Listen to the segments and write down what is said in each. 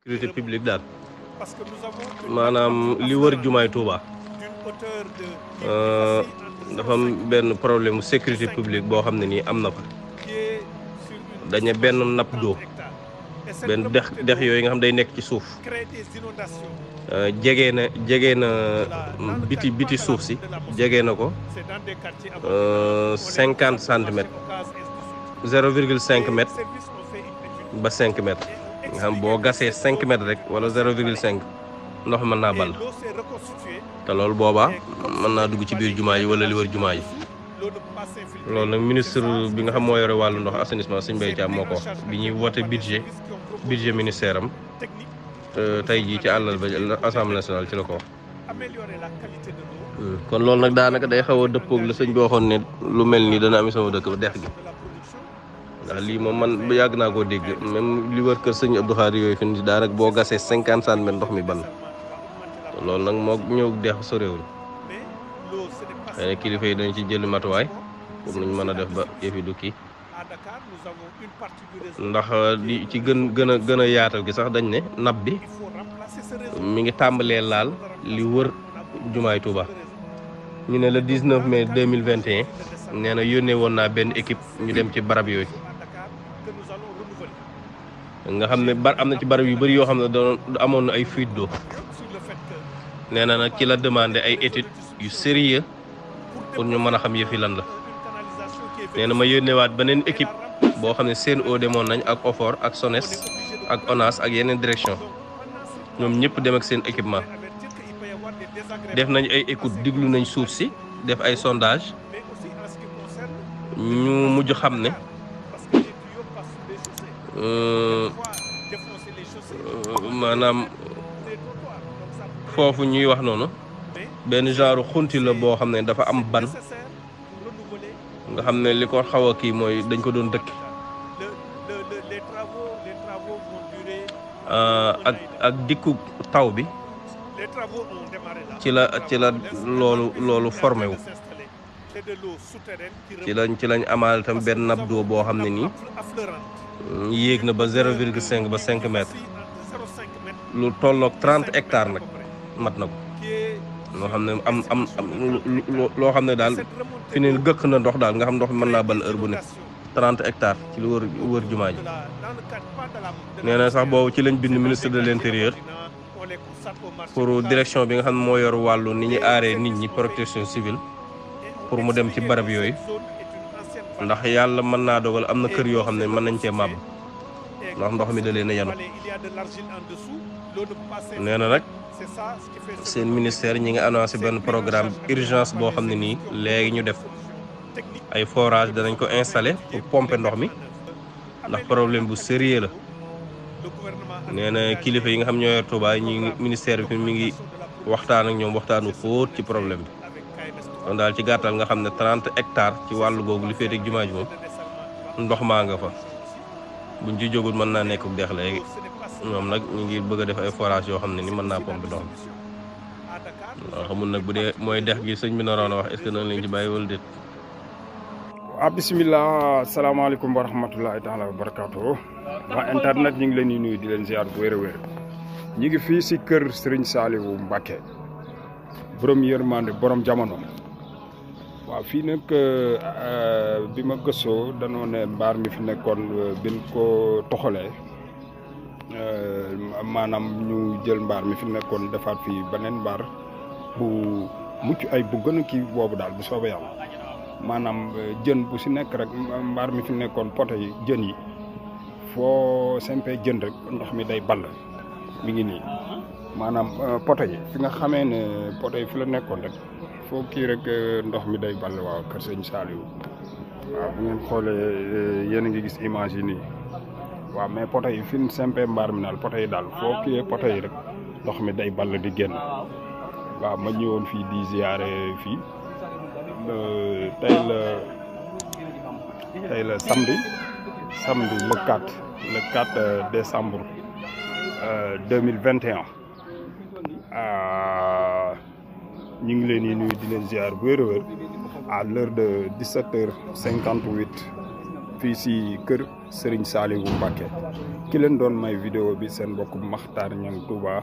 sécurité publique daal maanaam li wër jumaay Touba euh, dafa am benn problème sécurité publique boo xam ne nii am na ko dañu benn napp d'eau benn dex dex yooyu nga xam day nekk ci suuf euh, jege na jege na mm, biti biti suuf si jege na ko euh, cinquante centimètres zéro virgule cinq mètres ba cinq mètres nga xam boo gasee cinq mètres rek wala zéro virgule cinq ndox mën naa ball te loolu booba mën naa dugg ci biir jumaa yi wala li wër jumaa yi loolu nag ministre bi nga xam moo yore wàllu ndox assainissement Serigne Mbaye Thiam moo ko bi ñuy wote budget budget ministère am tey jii ci àllal ba assemblée nationale ci la ko wax hmm, kon loolu nag daanaka day xaw a dëppoog la sëñ bi waxoon ne lu mel nii dana am sama dëkk ba dex gi waaw lii moom man yàgg naa koo dégg même li wër kër sëñ Abdou Khadre yooyu fi mu ne daanaka boo gasee cinquante centimètres ndox mi ban loolu nag moo ñëw deex sorewul xëy kilifa yi dañ ci jëli matuwaay pour nuñ mën a def ba yëf yi ndax li ci gën gën a gën a yaatal gi sax dañ ne nab bi mu ngi tàmbalee laal li wër jumaay Touba ñu ne le 19 mai 2021 nee na yónnee woon naa benn équipe ñu dem ci barab yooyu nga xam ne bar am na ci barab yu bëri yoo xam ne doon amoon na ay fuite d'eau nee na nag ci la demandé ay études yu sérieux pour ñu mën a xam yëfi lan la nee na ma yónneewaat beneen équipe boo xam ne Sen'Eau demoon nañ ak OFOR ak SONES ak ONAS ak yeneen direction moom ñëpp dem ak seen équipement def nañ ay écoute diglu nañ suuf si def ay sondage ñu mujj xam ne Euh, maanaam foofu ñuy wax noonu benn genre xunti la boo xam ne dafa am ban nga xam ne li ko xaw a kii mooy dañ ko doon dëkk euh, ak ak dikku taw bi ci la ci la loolu loolu formé wu ci lañ ci lañ amaal tam benn nappe d'eau boo xam ne nii mm, yéeg na ba zéro virgule cinq ba cinq mètres lu tolloog trente hectares nag mat na ko loo xam ne am xam ne daal fi ne gëkk na ndox daal nga xam ndox mi mën naa bal heure bu nekk trente hectares ci lu wër wër jumaa ji nee na sax boobu ci lañ bind ministre de l'intérieur pour direction bi nga xam ne moo yor wàllu ni ñuy aaree nit ñi protection civile pour mu dem ci barab yooyu ndax yàlla mën naa dogal am na kër yoo xam ne mën nañ cee màbb ndax ndox mi da leen a yanu nee na nag seen ministère ñi nga annoncé benn programme urgence boo xam ne nii léegi ñu def ay forage danañ ko installé pour pomper ndox mi ndax problème bu sérieux la nee na kilifa yi nga xam ñoo yor Touba ñi ministère bi mi ngi waxtaan ak ñoom waxtaanu xóot ci problème bi kon daal ci gàttal nga xam ne trente hectares ci wàllu googu li féete ak jumaa ji moom ndox maa nga fa buñ ci jógul mën naa nekk dex léegi ñoom nag ñu ngi bëgg a def ay forage yoo xam ne ni mën naa pompe ndox mi waaw xamul bu dee mooy dex gi sëñ bi naroon a wax est bàyyi wala déet ah, bisimilah salaamaaleykum wa rahmatulahi taala wa barakaatu waa internet ñu ngi leen di nuyu di leen ziar bu wér a wér ngi fii si kër Serigne Saliou Mbacke borom yërmande borom jamono waaw fii nag euh, euh, bi ma gëstoo danoo ne mbaar mi fi nekkoon euh, bin ko toxalee maanaam ñu jël mbaar mi fi nekkoon defaat fii beneen mbaar bu mucc ay bu gën a kii boobu daal bu soobee yàlla maanaam jën bu si nekk rek mbaar mi fi nekkoon poto jën yi foo sempee jën rek ndox mi day ball mi ngi nii maanaam poto yi fi nga xamee ne poto yi fi la nekkoon rek foo kii rek eh, ndox mi day ball waaw kër sëñ Saliou waaw bu ngeen xoolee eh, yéen a ngi gis image yi nii waaw mais poto yi fi mu sempee mbaar mi daal poto yi daal foo kiiyee poto rek ndox mi day ball di génn waaw ma ñëwoon fii di ziare fii tey la tey la samedi samedi le 4 le 4 euh, décembre 2021. Euh, ñu ngi leen di di leen ziar bu wér a wér à l'heure de 17 heures 58 fii si kër Serigne Saliou mbake ki leen doon may vidéo bi seen mbokk Makhtar Niang Touba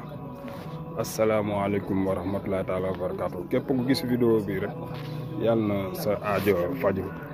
asalaamaaleykum wa rahmatullahi taala wa barakaatu képp ku gis vidéo bi rek yàlla na sa aajo faju